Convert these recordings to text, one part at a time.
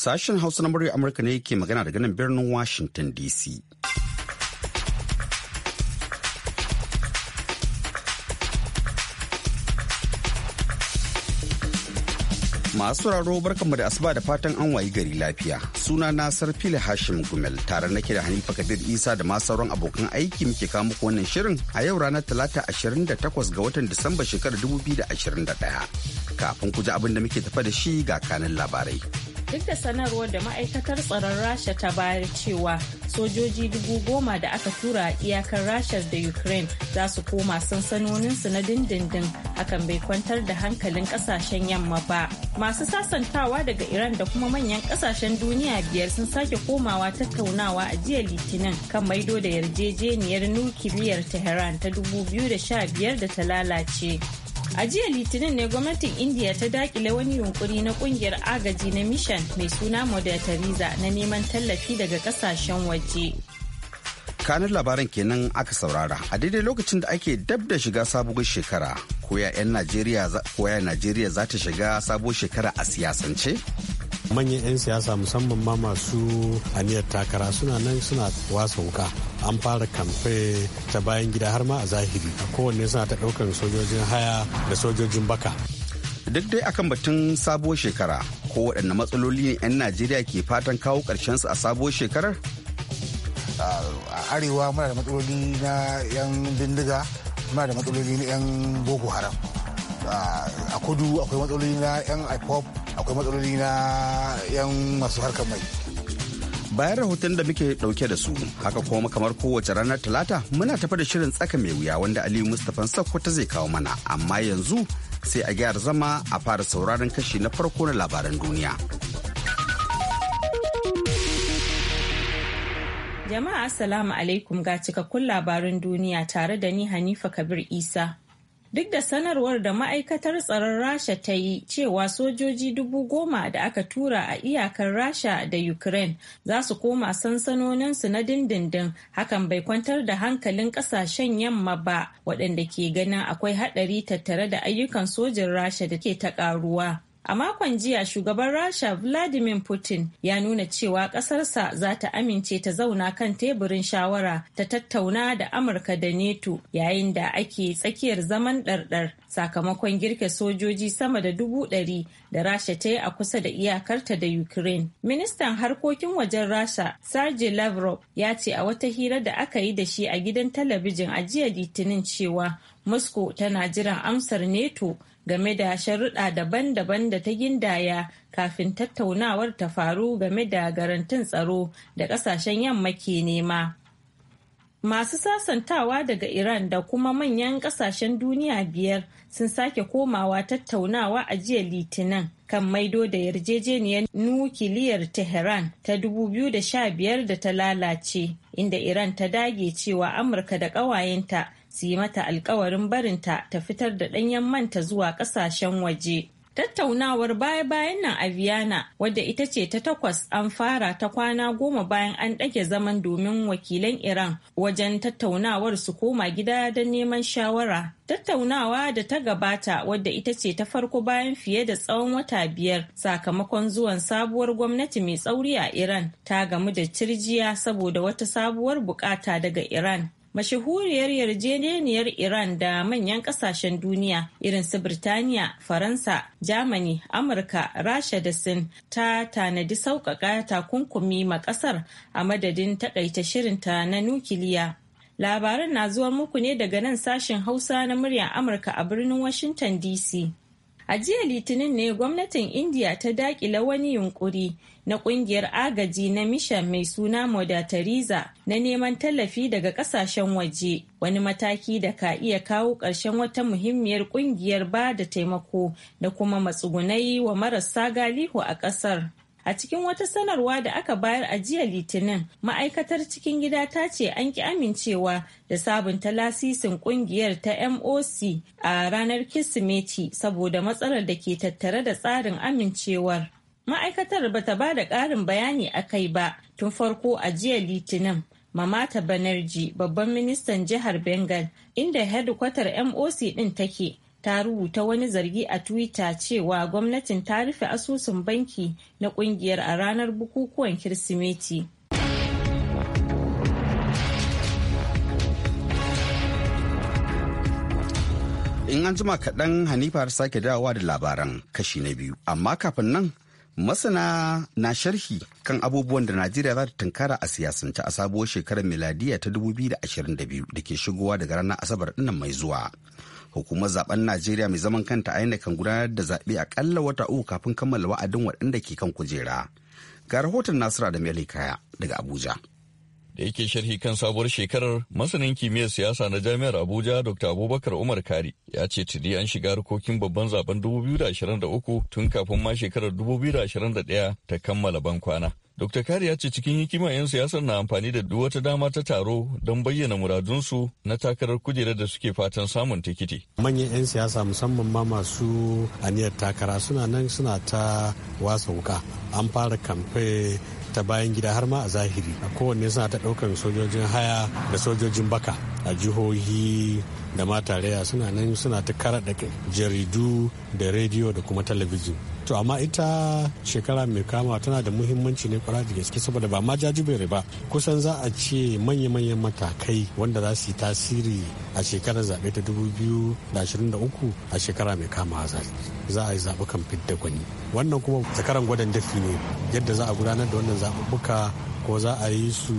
Sashen Hausa na murya Amurka ne ke magana daga nan birnin Washington DC. Masu raro barkanmu da asuba da fatan an wayi gari lafiya. Suna na Sarfili Hashim Gumel tare nake da Hanifa Kabir Isa da masu sauran abokan aiki muke kawo muku wannan shirin a yau ranar Talata ashirin da 28 ga watan Disamba shekarar 2021. Kafin ku ji abin da muke tafa da shi ga kanin labarai. duk da sanarwar da ma'aikatar tsaron rasha ta bayar cewa sojoji dubu goma da aka tura a iyakar rasha da ukraine za su koma sansanoninsu na dindindin hakan bai kwantar da hankalin kasashen yamma ba masu sasantawa daga iran da kuma manyan kasashen duniya biyar sun sake komawa tattaunawa a jiya litinin kan maido da yarjejeniyar nukiliyar tehran ta 2015 da ta lalace A jiya Litinin ne gwamnatin India ta dakile wani yunkuri na kungiyar agaji na Mission mai suna Mother Teresa na neman tallafi daga kasashen waje. Kanin labaran kenan aka saurara a daidai lokacin da ake dab da shiga sabuwar shekara koya 'yan Najeriya za ta shiga sabuwar shekara a siyasance? manyan 'yan siyasa musamman ma masu aniyar takara suna nan suna wasa wuka an fara kamfe ta bayan gida har ma a zahiri a kowanne suna ta ɗaukar sojojin haya da sojojin baka duk dai akan batun sabuwar shekara ko waɗanne matsaloli ne 'yan najeriya ke fatan kawo su a sabuwar shekarar a arewa muna da matsaloli na 'yan bindiga muna da matsaloli na 'yan boko haram a kudu akwai matsaloli na 'yan ipop akwai matsaloli na 'yan masu harkar mai bayan rahoton da muke dauke da su haka kuma kamar kowace ranar talata muna tafa da shirin tsaka mai wuya wanda aliyu mustapha sakkwata zai kawo mana amma yanzu sai a gyara zama a fara sauraron kashi na farko na labaran duniya jama'a assalamu alaikum ga cikakkun labarin duniya tare da ni hanifa kabir isa duk da sanarwar da ma'aikatar tsaron rasha ta yi cewa sojoji dubu goma da aka tura a iyakar rasha da ukraine za su koma sansanoninsu na dindindin hakan bai kwantar da hankalin kasashen yamma ba waɗanda ke ganin akwai haɗari tattare da ayyukan sojin rasha da ke ta ƙaruwa A makon jiya shugaban Rasha Vladimir Putin ya nuna cewa ƙasarsa za ta amince ta zauna kan teburin shawara ta tattauna da Amurka da NATO yayin da ake tsakiyar zaman ɗarɗar sakamakon girke sojoji sama da dubu ɗari da Rasha ta yi a kusa da iyakarta da Ukraine. Ministan harkokin wajen Rasha Sergei Lavrov ya ce a wata hira da aka yi da shi a gidan talabijin a jiya Litinin cewa Moscow tana jiran amsar NATO game da sharuɗa daban-daban da ta gindaya kafin tattaunawar ta faru game da garantin tsaro da ƙasashen yamma ke nema. Masu sasantawa daga Iran da kuma manyan ƙasashen duniya biyar sun sake komawa tattaunawa a jiya Litinin kan maido da yarjejeniyar nukiliyar Tehran ta 2015 da ta lalace, inda Iran ta dage cewa Amurka da ƙawayenta su yi mata alkawarin barinta ta fitar da ɗanyen manta zuwa ƙasashen waje. Tattaunawar baya-bayan nan a Vienna wadda ita ce ta takwas an fara ta kwana goma bayan an ɗage zaman domin wakilan Iran wajen tattaunawar su koma gida don neman shawara. Tattaunawa da ta gabata wadda ita ce ta farko bayan fiye da tsawon wata biyar sakamakon zuwan sabuwar gwamnati mai tsauri a Iran ta gamu da cirjiya saboda wata sabuwar bukata daga Iran. mashahuriyar yarjejeniyar Iran da manyan kasashen duniya irin su Birtaniya, Faransa, Germany, Amurka, Rasha da Sin ta tanadi sauƙaƙa takunkumi ma ƙasar a madadin takaita shirinta na nukiliya. Labaran na zuwa muku ne daga nan sashen Hausa na muryar Amurka a birnin Washington DC. A jiya Litinin ne gwamnatin India ta daƙila wani yunƙuri na kungiyar agaji na mishan mai suna Moda Teresa na neman tallafi daga kasashen waje wani mataki da ka iya kawo ƙarshen wata muhimmiyar kungiyar ba da taimako da kuma matsugunai wa marasa galihu a ƙasar. A cikin wata sanarwa da aka bayar a jiya Litinin, ma'aikatar cikin gida ta ce an ki amincewa da sabunta lasisin kungiyar ta MOC a ranar Kirsimeti saboda matsalar da ke tattare da tsarin amincewar. ma'aikatar ba ta ba da ƙarin bayani a kai ba tun farko a jiya litinin mamata banerji babban ministan jihar bengal inda hedkwatar moc ɗin take ta rubuta wani zargi a twitter cewa gwamnatin ta rufe asusun banki na kungiyar a ranar bukukuwan kirsimeti in an jima kaɗan hanifar sake dawowa da labaran kashi na biyu amma kafin nan Masana na sharhi kan abubuwan da Najeriya za ta tunkara a siyasance a sabuwar shekarar miladiya ta 2022 da ke shigowa daga ranar Asabar dinnan mai zuwa. Hukumar zaben Najeriya mai zaman kanta aina kan gudanar da zaɓe akalla wata uku kafin kammala wa'adin waɗanda ke kan kujera. Ga rahoton Nasira da kaya daga Abuja. da yake sharhi kan sabuwar shekarar masanin kimiyyar siyasa na jami'ar abuja dr abubakar umar kari ya ce tuni an shiga harkokin babban zaben 2023 tun kafin ma shekarar 2021 ta kammala ban kwana Dr. Kari ya ce cikin hikima 'yan siyasar na amfani da duk wata dama ta taro don bayyana muradunsu na takarar kujerar da suke fatan samun tikiti. Manyan 'yan siyasa musamman ma masu aniyar takara suna nan suna ta wasa wuka. An fara kamfe ta bayan gida har ma a zahiri a kowanne suna ta ɗaukar sojojin haya da sojojin baka a jihohi da ma tarayya suna nan suna ta karaɗa jaridu da rediyo da kuma talabijin to amma ita shekara mai kama tana da muhimmanci ne kwara da gaske saboda ba ma jajibere ba kusan za a ce manya-manyan matakai wanda za su yi tasiri a shekarar zaɓe ta 2023 a shekara mai kama za a yi zaɓukan fidda gwani wannan kuma zakaran gwadon dafi ne yadda za a gudanar da wannan zaɓuɓɓuka ko za a yi su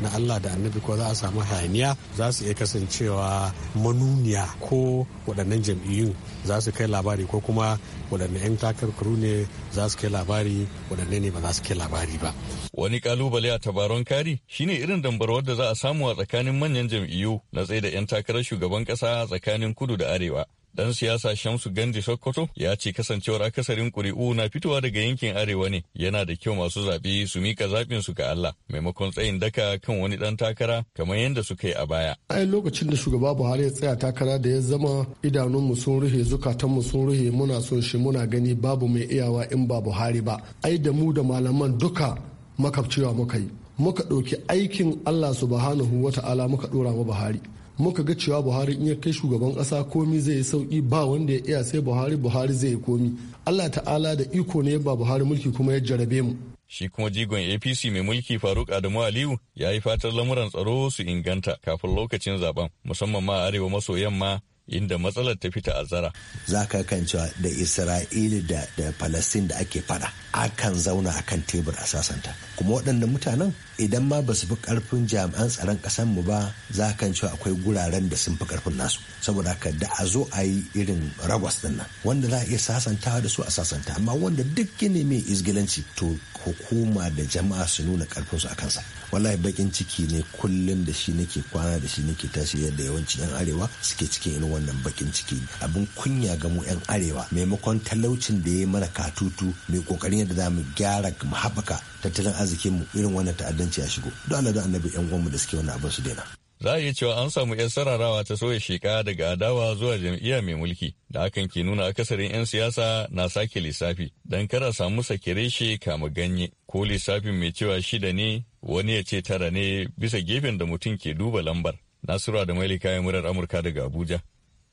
na Allah da annabi ko za a samu hayaniya za su iya kasancewa manuniya ko waɗannan jam'iyyun za su kai labari ko kuma waɗanne 'yan takarkaru ne za su kai labari waɗanne ne ba za su kai labari ba. Wani kalubale a tabaron kari shine irin dambarwar da za a samu a tsakanin manyan jam'iyyu na tsaye da 'yan takarar shugaban ƙasa tsakanin kudu da arewa. Dan siyasa Shamsu Gandi Sokoto ya ce kasancewar akasarin ƙuri'u na fitowa daga yankin arewa ne yana da kyau masu zaɓe su mika zaɓin su ga Allah maimakon tsayin daka kan wani ɗan takara kamar yadda suka yi a baya. Ai lokacin da shugaba Buhari ya tsaya takara da ya zama idanun mu sun ruhe mu sun ruhe muna son shi muna gani babu mai iyawa in ba Buhari ba. Ai da mu da malaman duka makabciwa muka yi. Muka ɗauki aikin Allah subhanahu wata'ala muka ɗora wa Buhari. muka ga cewa buhari in ya kai shugaban kasa komi zai yi sauki ba wanda ya iya sai buhari buhari zai yi komi allah ta'ala da iko ne ba buhari mulki kuma ya jarabe mu shi kuma jigon apc mai mulki faruk adamu aliyu ya yi fatar lamuran tsaro su inganta kafin lokacin zaben musamman ma arewa maso yamma inda matsalar ta fita azara. Za ka kan cewa da Isra'ila da, da Palestine da ake fada akan zauna akan tebur a sasanta. Kuma waɗanda mutanen idan ma ba su fi karfin jami'an tsaron kasan mu ba za kan cewa akwai guraren da sun fi karfin nasu saboda haka da a zo a yi irin ragwas din nan wanda za a iya sasantawa da su a sasanta amma wanda duk gini mai izgilanci to hukuma da jama'a su nuna karfin su a kansa wallahi bakin ciki ne kullum da shi nake kwana da shi nake tashi yadda yawanci yan arewa suke cikin irin wannan bakin ciki abin kunya ga mu yan arewa maimakon talaucin da ya yi mana katutu mai kokarin yadda za mu gyara mu haɓaka tattalin arzikin mu irin wannan ta'addan ta'addanci ya shigo don Allah annabi yan gwamnati da suke wani abin su daina za a iya cewa an samu 'yan sararawa ta sauya sheka daga adawa zuwa jam'iyya mai mulki da hakan ke nuna akasarin 'yan siyasa na sake lissafi don kara samu sakire shi kama ganye ko lissafin mai cewa shida ne wani ya ce tara ne bisa gefen da mutum ke duba lambar nasura da mailika ya murar amurka daga abuja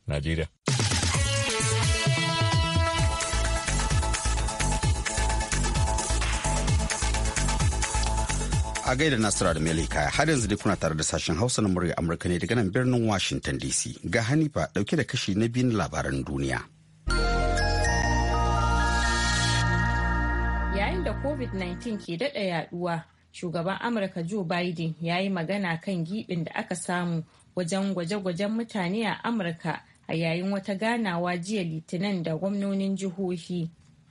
najeriya a gaida Nasiru da kaya har yanzu dai kuna tare da sashen Hausa na murya Amurka ne daga nan birnin Washington DC ga Hanifa dauke da kashi na na labaran duniya. Yayin da COVID-19 ke daɗa yaduwa, shugaban Amurka Joe Biden ya yi magana kan giɓin da aka samu wajen gwaje-gwajen mutane a Amurka a yayin wata ganawa jiya Litinin da gwamnonin jihohi.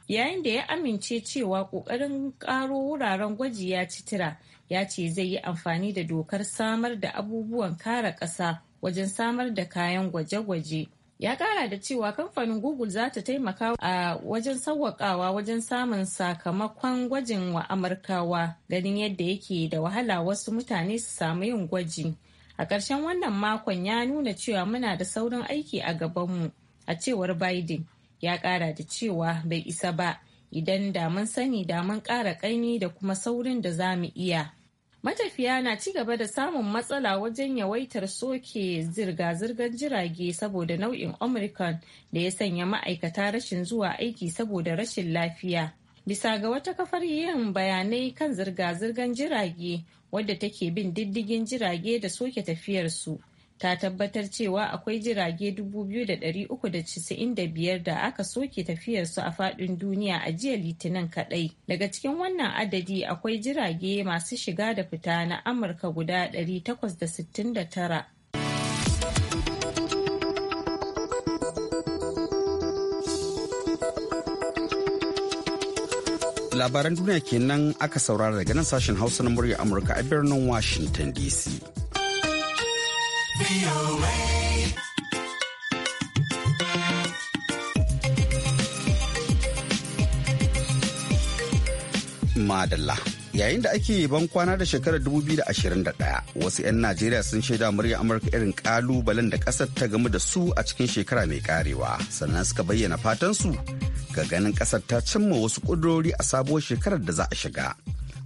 yayin da ya amince cewa ƙoƙarin ƙaro wuraren gwaji ya ci tira ya ce zai yi amfani da dokar samar da abubuwan kare ƙasa wajen samar da kayan gwaje-gwaje ya ƙara da cewa kamfanin google za ta taimaka a wajen sauwaƙawa wajen samun sakamakon gwajin wa amurkawa ganin yadda yake da wahala wasu mutane su samu yin gwaji a ƙarshen wannan makon ya nuna cewa muna da saurin aiki a gabanmu a cewar biden ya kara da cewa bai isa ba idan da mun sani da mun kara kaini da kuma saurin da za mu iya matafiya na ci gaba da samun matsala wajen yawaitar soke zirga-zirgar jirage saboda nau'in omicron da ya sanya ma'aikata rashin zuwa aiki saboda rashin lafiya bisa ga wata kafar yin bayanai kan zirga-zirgar jirage wadda take bin diddigin jirage da soke tafiyarsu ta tabbatar cewa akwai jirage 2,395 da aka soke tafiyarsu a faɗin duniya a jiya litinin kaɗai. Daga cikin wannan adadi akwai jirage masu shiga da fita na Amurka guda 869. Labaran duniya kenan aka saurara daga nan sashen Hausa na murya Amurka a birnin Washington DC. Madalla. Yayin da ake ban kwana da shekarar 2021 wasu 'yan Najeriya sun shaida murya Amurka irin ƙalubalen da ƙasar ta gamu da su a cikin shekara mai ƙarewa, sannan suka bayyana fatan su ga ganin ƙasar ta cimma wasu ƙudurori a sabuwar shekarar da za a shiga.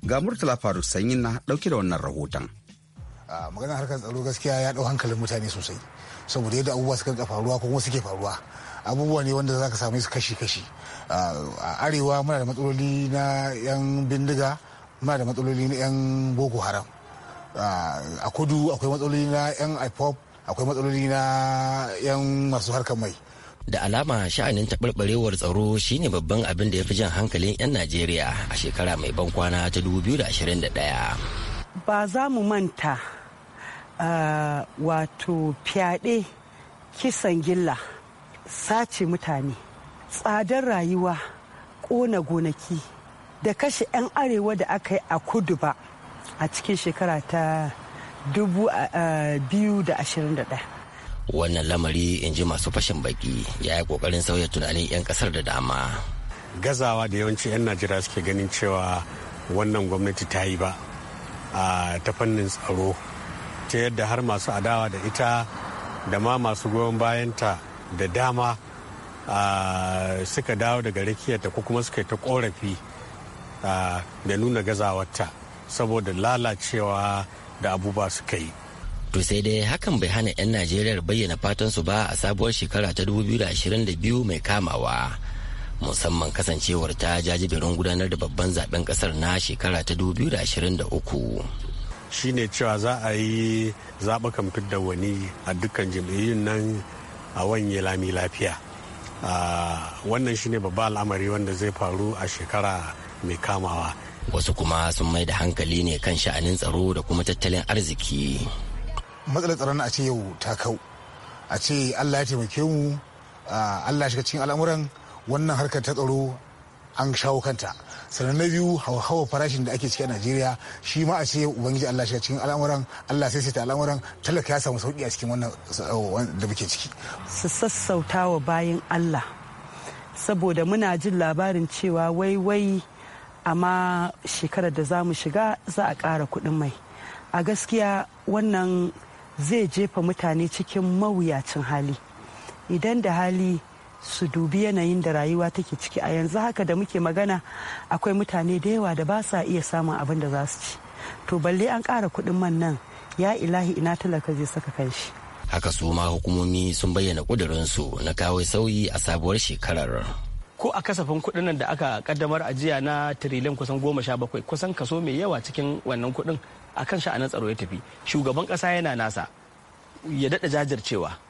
Ga Murtala faru Sanyi na ɗauke da wannan rahoton. maganar harkar tsaro gaskiya ya dau hankalin mutane sosai saboda yadda abubuwa suka faruwa ko kuma suke faruwa abubuwa ne wanda za ka same su kashi-kashi a arewa muna da matsaloli na 'yan bindiga muna da matsaloli na 'yan boko haram a kudu akwai matsaloli na 'yan ipop akwai matsaloli na 'yan masu harkar mai da alama sha'anin taɓarɓarewar tsaro shine babban abin da ya fi jan hankalin 'yan najeriya a shekara mai ban kwana ta 2021 ba za mu manta wato fyaɗe kisan gilla sace mutane tsadar rayuwa ƙona gonaki da kashe 'yan arewa da aka yi a kudu ba a cikin shekara ta 2021 wannan lamari in ji masu fashin baki ya yi kokarin sauya tunanin 'yan ƙasar da dama gazawa da yawanci 'yan najeriya suke ganin cewa wannan gwamnati ta yi ba ta fannin tsaro ta yadda har masu adawa da ita da ma masu goyon bayanta da dama suka dawo daga rakiyarta ko kuma suka yi ta korafi da nuna gazawarta saboda lalacewa da abubuwa suka yi. To sai dai hakan bai hana 'yan Najeriya bayyana fatan su ba a sabuwar shekara ta 2022 mai kamawa. Musamman kasancewar ta jajibirin gudanar da babban zaben kasar na shekara ta 2023. shine cewa za a yi zaɓakan fidda wani a dukkan jam'iyyun nan a wanye lami lafiya wannan shine babba al'amari wanda zai faru a shekara mai kamawa wasu kuma sun mai da hankali ne kan sha'anin tsaro da kuma tattalin arziki matsalar tsaron a ce yau ta kau a ce allah ya taimake mu allah shiga cikin al'amuran wannan harkar ta tsaro an shawo kanta sannan na biyu hawa farashin da ake ciki a najeriya shi ma a ce ubangiji allah shiga cikin al'amuran allah sai ta al'amuran talaka ya samu sauki a cikin wannan uh, da muke ciki su sassauta wa bayan allah saboda muna jin labarin cewa wai wai amma shekarar da za mu shiga za a kara kuɗin mai a gaskiya wannan zai jefa mutane cikin mawuyacin hali idan da hali su dubi yanayin da rayuwa take ciki a yanzu haka da muke magana akwai mutane da yawa da ba sa iya samun abin da za su ci to balle an kara kuɗin man nan ya ilahi ina talaka zai saka kanshi haka su ma hukumomi sun bayyana ƙudurinsu na kawo sauyi a sabuwar shekarar ko a kasafin kuɗin nan da aka kaddamar a jiya na tiriliyan kusan goma sha bakwai kusan kaso mai yawa cikin wannan kuɗin a kan sha'anin tsaro ya tafi shugaban kasa yana nasa ya daɗa jajircewa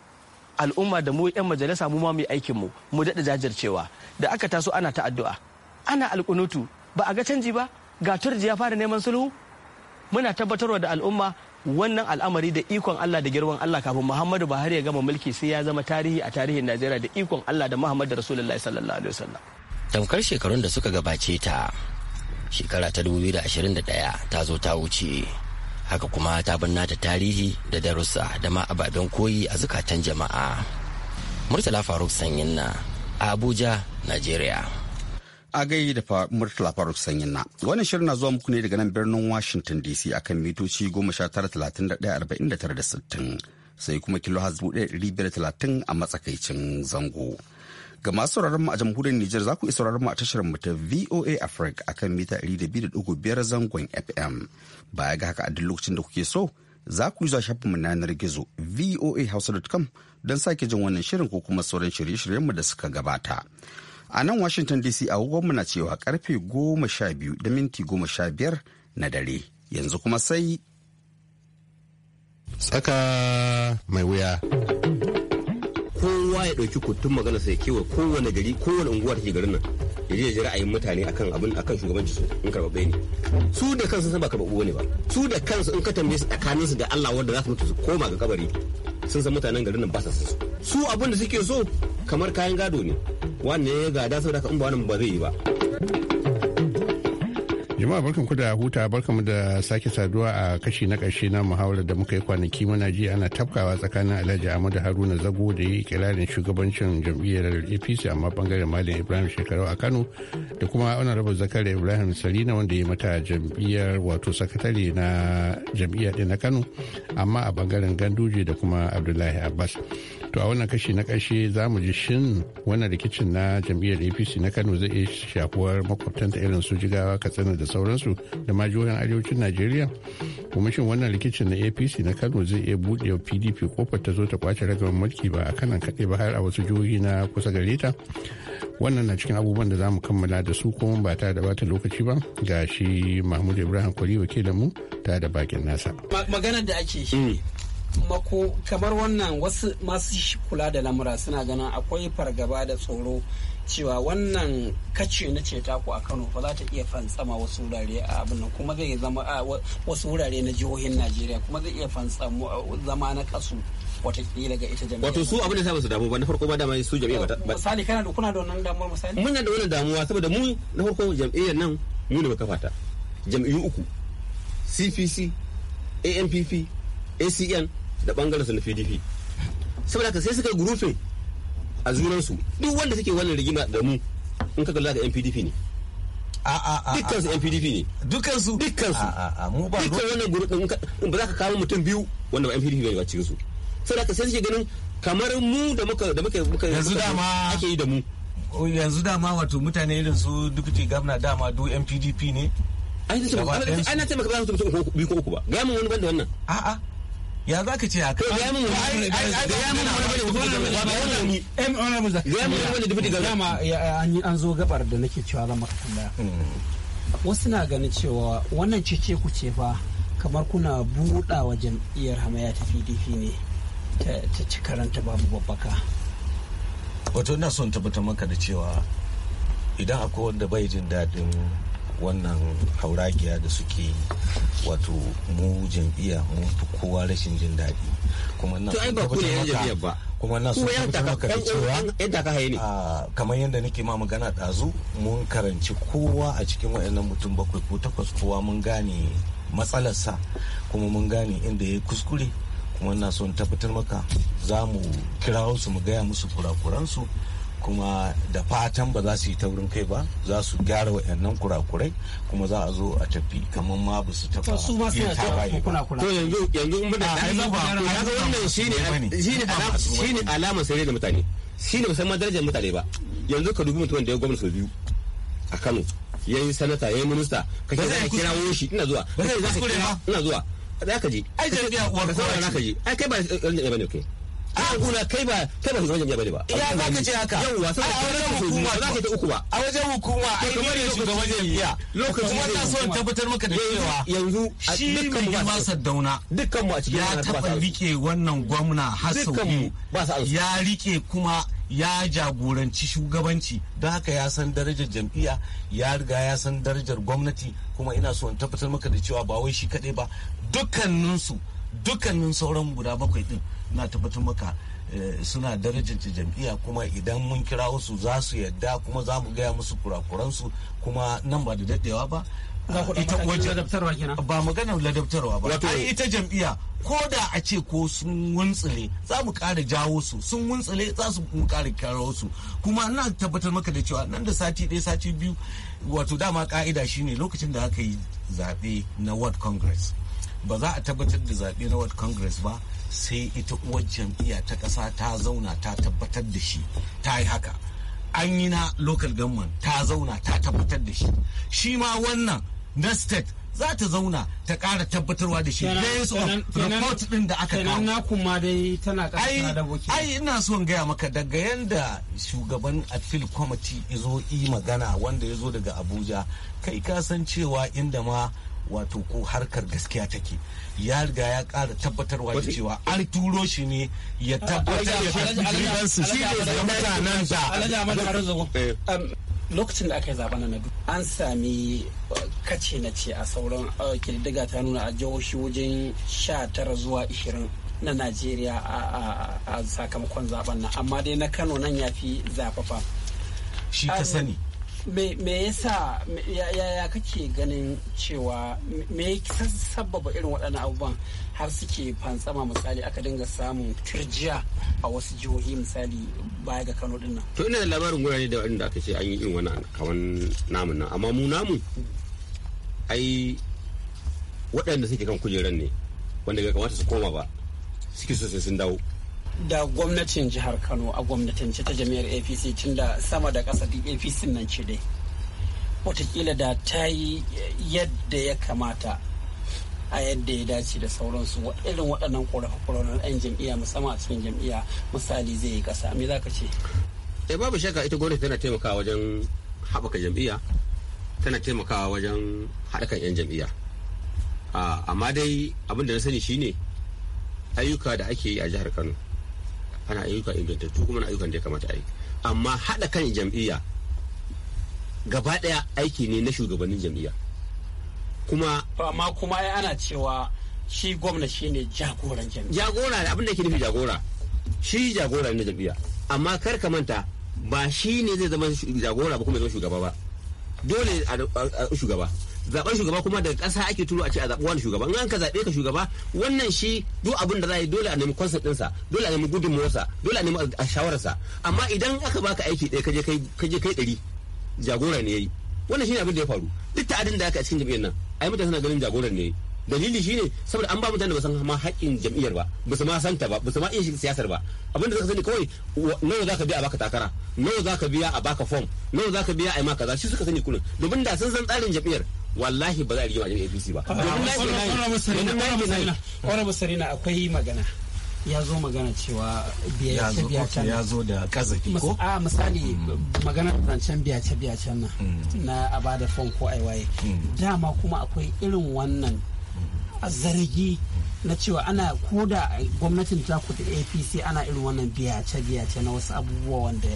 al'umma da mu 'yan majalisa mu ma mu aikin mu mu daɗa jajircewa da aka taso ana ta addu'a ana alkunutu ba a ga canji ba ga turji ya fara neman sulhu muna tabbatarwa da al'umma wannan al'amari da ikon Allah da girman Allah kafin Muhammadu Buhari ya gama mulki sai ya zama tarihi a tarihin Najeriya da ikon Allah da Muhammadu Rasulullahi sallallahu alaihi wasallam tamkar shekarun da suka gabace ta shekara ta 2021 ta zo ta wuce haka kuma ta binna ta tarihi da darussa da ma ababen koyi a zukatan jama'a murtala faruk sanyin na abuja Najeriya. a gai da murtala faruk sanyin na shirin na zuwa muku ne daga nan birnin washington dc akan mitoci da 60 sai kuma kilo has 1530 a matsakaicin zango. Ga masu sauraron mu a jamhuriyar Nijar za ku iya sauraron mu a tashar mu ta VOA Africa akan mita 200.5 zangon FM. Baya ga haka a duk lokacin da kuke so za ku yi zuwa shafin mu yanar gizo voahouse.com don sake jin wannan shirin ko kuma sauran shirye-shiryen da suka gabata. A nan Washington DC agogon mu na cewa karfe goma da minti goma na dare. Yanzu kuma sai tsaka mai wuya. kowa ya ɗauki kutun magana sai kewa kowane gari kowane unguwa take garin nan ya je a ra'ayin mutane akan abin akan shugabanci su in karɓa bai ne su da kansu sun ba karɓa uwa ne ba su da kansu in ka tambaye su tsakanin su da Allah wanda za su mutu su koma ga kabari sun san mutanen garin nan ba sa su su abin da suke so kamar kayan gado ne wanne ya gada saboda ka in ba wannan ba zai yi ba jama'a barkan ku da huta barkan mu da sake saduwa a kashi na ƙarshe na muhawarar da muka yi kwanaki muna ji ana tafkawa tsakanin alhaji ahmadu haruna zago da ya yi kirarin shugabancin jam'iyyar apc amma bangaren malam ibrahim shekarau a kano da kuma ana honorable zakari ibrahim salina wanda ya mata jam'iyyar wato sakatare na jam'iyyar na kano amma a bangaren ganduje da kuma abdullahi abbas to a wannan kashi na ƙarshe za mu ji shin wannan rikicin na jam'iyyar apc na kano zai iya shafuwar makwabtanta irin su jigawa katsina da sauransu da ma jihohin arewacin najeriya kuma shin wannan rikicin na apc na kano zai iya buɗe pdp kofar ta zo ta kwace ragamar mulki ba a kanan kaɗai ba har a wasu jihohi na kusa gare ta wannan na cikin abubuwan da za mu kammala da su kuma ba ta da bata lokaci ba ga shi mahmud ibrahim kwari wakilin ta da bakin nasa maganar da ake shi mm. mako kamar wannan wasu masu kula da lamura suna ganin akwai fargaba da tsoro cewa wannan kace na ce ku a kano ba za ta iya fantsama wasu wurare a abin nan kuma zai zama a wasu wurare na jihohin najeriya kuma zai iya fantsama zama na kasu watakila ga ita jami'a wato su abin da sa su damu ba na farko ba da mai su jami'a ba misali kana da kuna da wannan damuwar misali muna da wannan damuwa saboda mu na farko jam'iyyar nan mu ne kafa ta jami'u uku cpc ampp acn da bangaren su na pdp saboda ka sai suka gurufin a su duk wanda suke wannan rigima da mu in ka kalla ga a a a dukkan su npdp ne dukkan su dukkan su dukkan wannan in ba za ka kawo mutum biyu wanda ba npdp pdp ba cikin su saboda ka sai suke ganin kamar mu da muka da muka muka yanzu dama ake yi da mu oh, yanzu dama wato mutane irin su deputy governor dama do NPDP ne ai na ce maka ba su mutum biyu ko uku ba ga mu wani banda wannan a'a ya za ka ce haka ya mun wani wani an zo gabar da nake cewa zan maka tambaya hmm. wasu na ganin cewa wannan cece ku ce fa kamar kuna buɗa wa jam'iyyar hamaya ta pdp ne ta ci karanta babu babbaka wato ina son tabbatar maka da cewa idan akwai wanda bai jin daɗin wannan hauragiya da suke wato mu jam'iyya mun kowa rashin jin daɗi kuma na sun tabbatar maka kuma na sun tabbatar maka da cewa kamar yadda nake ma magana ɗazu mun karanci kowa a cikin waɗannan mutum bakwai ko takwas kowa mun gane matsalarsa kuma mun gane inda ya kuskure kuma na son tabbatar maka za mu kira su mu gaya musu kurakuransu kuma da fatan ba za su yi taurin kai ba za su gyara waɗannan kurakurai kuma za a zo a tafi kamar ma ba su taɓa su ma suna taɓa kurakurai to yanzu yanzu in bada ai ba kaga wannan shine shine alama alama sai da mutane shine musamman darajar mutane ba yanzu ka dubi mutumin da ya gwamnati sau biyu a Kano Ya yi sanata ya yi minista kake da kira shi ina zuwa kake za ka ina zuwa za ka je ai jarabiya uwar kowa ka je ai kai ba ran eh, da eh, bane kai kuna kai ba kai ba wajen jami'a ba ya za ka ce haka yawa sai a wajen hukuma ba za ka ta uku ba a wajen hukuma ai kamar ne wajen jami'a lokacin kuma ta son tabbatar maka da cewa yanzu shi mai girma dauna dukkan mu a cikin ya taba rike wannan gwamna har sau biyu ya rike kuma ya jagoranci shugabanci don haka ya san darajar jam'iyya ya riga ya san darajar gwamnati kuma ina so in tabbatar maka da cewa ba wai shi kadai ba dukkaninsu dukkanin sauran guda bakwai din na tabbatar maka Eh, suna darajanta jam'iyya kuma idan mun kira wasu za su yadda kuma za mu gaya musu kurakuransu kuma nan ba da daɗewa ba ita wajen ba maganar ladabtarwa ba ai ita jam'iyya ko da a ce ko sun wuntsile za mu kara jawo su sun wuntsile za su mu kara su kuma ina tabbatar maka da cewa nan da sati ɗaya sati biyu wato dama ka'ida shine lokacin da aka yi zaɓe na world congress ba za a tabbatar da zaɓe na world congress ba sai ita uwar jam'iyya ta ƙasa ta zauna ta tabbatar da shi ta yi haka an yi na local government ta zauna ta tabbatar da shi shi ma wannan na state za ta zauna ta ƙara tabbatarwa da shi based on report ɗin da aka kawo na kuma dai tana ƙasa da boki ai ina son gaya maka daga yanda shugaban appeal committee izo yi magana wanda ya zo daga abuja kai ka san cewa inda ma wato ko harkar gaskiya take ya riga ya kara tabbatarwa da cewa an turo shi ne ya tabbatar ya shi ne da mutanen da lokacin da aka yi zaben na an sami uh, kace na ce a sauran kididdiga uh, ta nuna a jihohi wajen sha tara zuwa ishirin na najeriya a sakamakon zaben nan amma dai na kano nan ya fi zafafa shi ka um, sani me yasa ya kake ganin cewa me sabbaba irin waɗannan abubuwan har suke fantsama misali aka dinga samun turjiya a wasu jihohi misali baya ga kano dinnan. to ina da labarin gurare da wanda aka ce an yi irin wani kaman namun nan amma mu namun ai waɗanda suke kan kujeran ne wanda ga kamata su koma ba suke sosai sun dawo da gwamnatin jihar kano a gwamnatance ta jami'ar apc tun da sama da ƙasa duk apc nan ce dai watakila da ta yi yadda ya kamata a yadda ya dace da sauransu irin waɗannan ƙorafe ƙorafen 'yan jam'iyya musamman a cikin jam'iyya misali zai yi ƙasa me za ka ce eh babu shakka ita gwamnati tana taimakawa wajen haɓaka jam'iyya tana taimakawa wajen haɗa kan 'yan jam'iyya ah, amma dai abin da na sani shine ayyuka da ake yi a jihar kano ana ayyuka ingantattu kuma na ayyukan da ya kamata a yi amma haɗa kan jam'iyya gaba ɗaya aiki ne na shugabannin jam'iyya kuma amma kuma ya ana cewa shi gwamna shi ne jagoran jam'iyya jagora ne abinda ke nufi jagora shi jagora ne na jam'iyya amma kar ka manta ba shi ne zai zama jagora ba kuma zama shugaba ba dole a shugaba zaben shugaba kuma daga ƙasa ake turo a ce a zaɓi wani shugaba in an ka zaɓe ka shugaba wannan shi duk abin da za yi dole a nemi konsent ɗinsa dole a nemi gudunmuwarsa dole a nemi a shawararsa amma idan aka baka aiki ɗaya kaje kai kai ɗari jagora ne ya yi wannan shine abin da ya faru duk ta da aka a cikin jam'iyyar nan yi mutane suna ganin jagora ne dalili shine saboda an ba mutane ba san ma haƙƙin jam'iyyar ba ba su ma san ta ba ba su ma iya shiga siyasar ba abin da zaka sani kawai nawa zaka biya a baka takara nawa zaka biya a baka form nawa zaka biya a yi ma kaza shi suka sani kullum domin da sun san tsarin jam'iyyar wallahi ba za a rigima jami'ar apc ba honorable sarina akwai magana ya zo magana cewa biyace-biyacen ya zo da kazaki ko? a misali mm. magana zancen biyace-biyacen nan mm. na a bada fom ko aiwaye mm. dama kuma akwai irin wannan a zargi na cewa ana koda gwamnatin taku da apc ana irin wannan biyace-biyace na wasu abubuwa wanda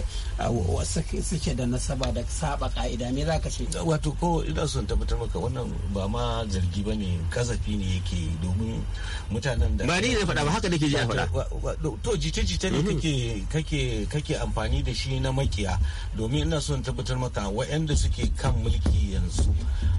uh, suke da nasaba da saba ka'ida me za ka ce wato ko ina son tabbatar maka wannan ba ma zargi ba ne kazafi ne yake domin mutanen da ba ni ne faɗa ba haka nake ji a faɗa to jita-jita ne mm-hmm. kake kake kake amfani da shi na makiya domin ina son tabbatar maka waɗanda suke kan mulki yanzu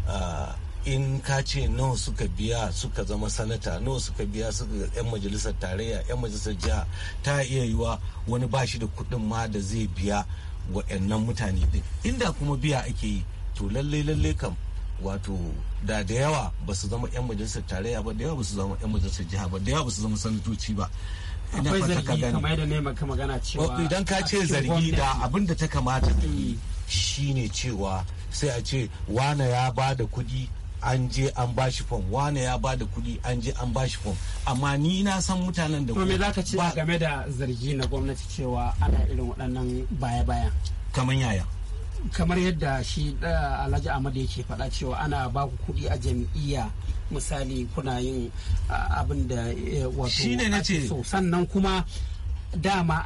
uh, in ka ce nawa suka biya suka zama sanata nawa suka biya suka yan majalisar tarayya yan majalisar jiha ta iya yiwa wani bashi da kuɗin ma da zai biya wa'annan mutane din inda kuma biya ake yi to lalle lalle kam wato da da yawa ba su zama 'yan majalisar tarayya ba da yawa ba su zama 'yan majalisar jiha ba da yawa ba su zama sanatoci ba akwai zargi magana cewa oh, idan ka ce zargi da abin da ta kamata ta yi mm. shine cewa sai a ce wane ya ba da kuɗi an je an bashi fom wane ya ba da kuɗi an je an bashi fom amma ni na san mutanen da kuma me zaka ce game da zargi na gwamnati cewa ana irin waɗannan baya-baya kamar yaya kamar yadda shi eh, alhaji ahmad yake faɗa cewa ana ba ku kuɗi a jam'iyya misali kuna yin eh, abin da eh, wato sannan kuma dama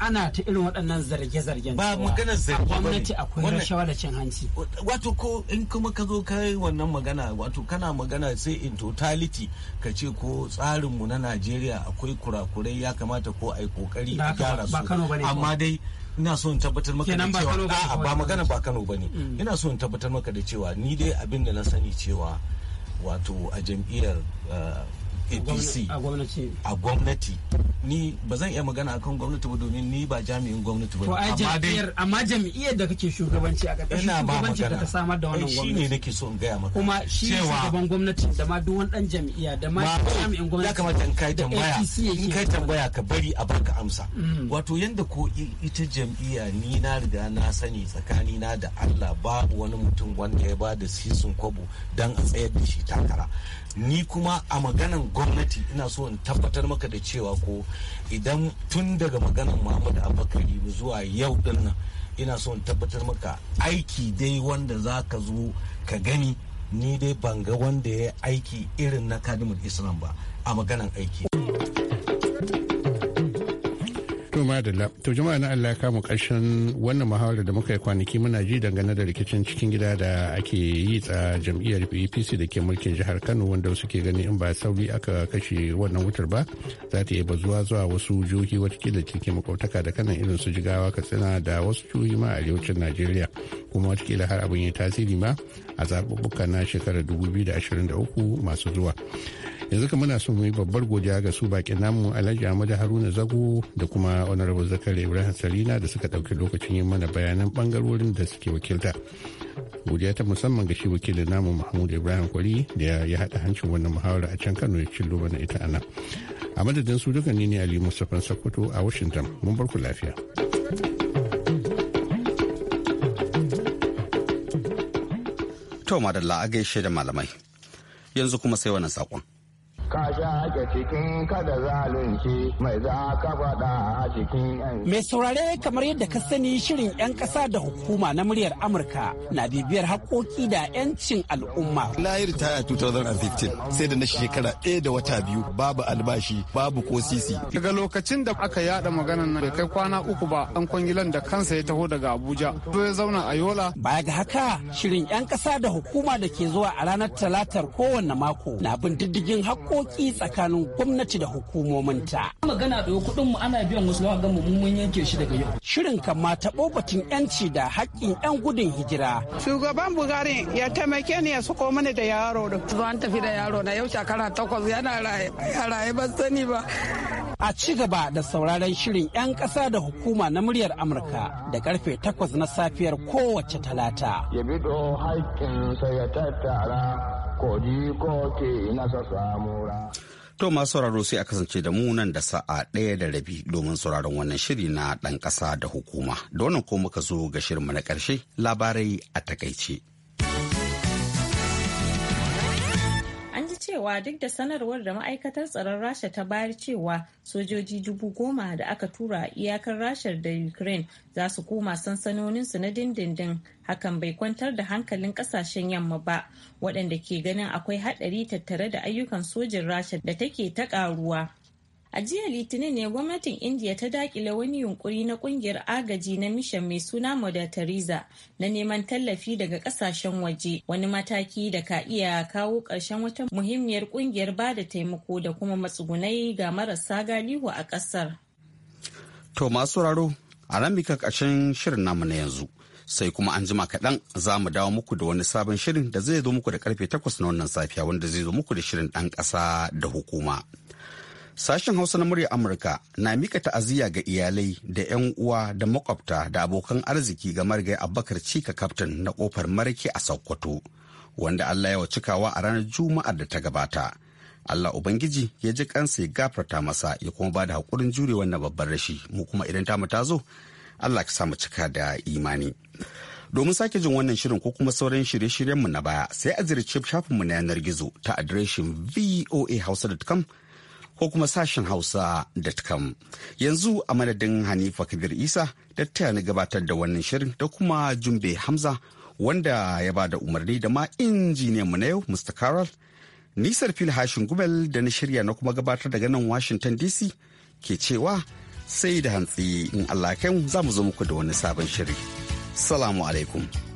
ana ta irin waɗannan zarge-zargen ba magana zarge gwamnati akwai rashawa da cin hanci wato ko in kuma ka zo kai wannan magana wato kana magana sai in totality ka ce ko tsarinmu na Najeriya akwai kurakurai ya kamata ko ai kokari a gyara su amma dai ina so in tabbatar maka da cewa a'a ba magana ba Kano bane mm. ina so in tabbatar maka da cewa ni dai abin da na sani cewa wato a jam'iyyar uh, apc a gwamnati ni ba zan iya magana akan gwamnati ba domin ni ba jami'in gwamnati ba amma jami'iyar da kake shugabanci a ƙarƙashin shugabanci da ta samar da wannan gwamnati shine nake so in gaya maka kuma shi ne shugaban gwamnati da ma duk wani dan jami'a. da ma jami'in gwamnati ya kamata in kai tambaya in kai tambaya ka bari a baka amsa mm. wato yanda ko ita jami'a ni na riga na sani tsakani na da Allah babu wani mutum wanda ya ba da sisin kwabo dan a tsayar da shi takara ni kuma a maganan gwamnati ina so in tabbatar maka da cewa ko idan tun daga maganan muhammadu abakari zuwa yau din nan ina so in tabbatar maka aiki dai wanda za ka zo ka gani ni dai ban ga wanda ya aiki irin na kadimul islam ba a maganan aiki. To madalla, to jama'a na Allah ya kama ƙarshen wannan muhawarar da muka yi kwanaki muna ji dangane da rikicin cikin gida da ake yi a jam'iyyar APC da ke mulkin jihar Kano wanda ke gani in ba sauri aka kashe wannan wutar ba za ta iya bazuwa zuwa wasu jihohi watakila cikin makautaka da kanan irin su jigawa katsina da wasu jihohi ma a arewacin Najeriya kuma watakila har abin ya tasiri ma a zaɓuɓɓuka na shekarar 2023 masu zuwa. yanzu ka muna so mu yi babbar godiya ga su bakin namu alhaji amadu haruna zago da kuma honorable zakari ibrahim salina da suka ɗauki lokacin yin mana bayanan bangarorin da suke wakilta godiya ta musamman ga shi wakilin namu mahmud ibrahim kwari da ya haɗa hancin wannan muhawara a can kano ya cillo mana ita a nan a madadin su duka ne ali mustapha sokoto a washington mun bar ku lafiya to madalla a gaishe da malamai yanzu kuma sai wannan saƙon ka shaƙe cikin kada zalunci mai za ka faɗa a cikin Mai saurare kamar yadda ka sani shirin 'yan ƙasa da hukuma na muryar Amurka na bibiyar haƙoƙi da 'yancin al'umma. Na yi ritaya 2015 sai da na shekara ɗaya da wata biyu babu albashi babu ko sisi. Daga lokacin da aka yada maganan nan bai kai kwana uku ba an kwangilan da kansa ya taho daga Abuja. To ya zauna a Yola. Baya ga haka shirin 'yan ƙasa da hukuma da ke zuwa a ranar talatar kowanne mako na bin diddigin haƙƙo haƙoƙi tsakanin gwamnati da hukumominta. Magana da kuɗinmu ana biyan wasu ga mu mun yanke shi daga yau. Shirin kan ma taɓo yanci da haƙƙin 'yan gudun hijira. Shugaban Bugari ya taimake ni ya suko mana da yaro da. Zuwan tafi da yaro na yau shekara takwas yana raye ban sani ba. A ci gaba da sauraron shirin 'yan ƙasa da hukuma na muryar Amurka da karfe takwas na safiyar kowace talata. Ya bido sai ya tattara koji ko ke To masu sauraro sai a kasance da mu nan da sa'a ɗaya da rabi domin sauraron wannan shiri na ɗan ƙasa da hukuma. Da wannan ko muka zo ga shirinmu na ƙarshe labarai a takaice. cewa duk da sanarwar da ma'aikatar tsaron rasha ta bayar cewa sojoji dubu goma da aka tura a iyakar rashar da ukraine za su koma sansanoninsu na dindindin hakan bai kwantar da hankalin kasashen yamma ba waɗanda ke ganin akwai haɗari tattare da ayyukan sojin rasha da take ta ƙaruwa A jiya Litinin ne gwamnatin India ta dakile wani yunkuri na kungiyar agaji na mishan mai suna Mother Teresa na neman tallafi daga kasashen waje wani mataki da ka iya kawo ƙarshen wata muhimmiyar kungiyar ba da taimako da kuma matsugunai ga marasa galihu a ƙasar. To masu raro, a nan mika ƙarshen shirin namu na yanzu. Sai kuma an jima kaɗan za mu dawo muku da wani sabon shirin da zai zo muku da karfe takwas na wannan safiya wanda zai zo muku da shirin ɗan ƙasa da hukuma. Sashen Hausa na murya Amurka na mika ta'aziyya ga iyalai da 'yan uwa da makwabta da abokan arziki ga marigayi Abubakar Cika Kaftin na kofar Marke a Sokoto, wanda Allah ya cikawa a ranar Juma'ar da ta gabata. Allah Ubangiji ya ji kansa ya gafarta masa ya kuma ba da haƙurin jure wannan babban rashi mu kuma idan ta ta zo Allah ka samu cika da imani. Domin sake jin wannan shirin ko kuma sauran shirye-shiryenmu na baya sai a ziyarci shafinmu na yanar gizo ta adireshin voahausa.com ko kuma sashen hausa.com yanzu a madadin hanifa kabir isa da ta na gabatar da wannan shirin da kuma jumbe hamza wanda ya ba da umarni da ma injiniyanmu na yau mr carol nisar fil hashin gubel da na shirya na kuma gabatar daga nan washington dc ke cewa sai da hantsi in allah za mu zo muku da wani sabon shiri salamu alaikum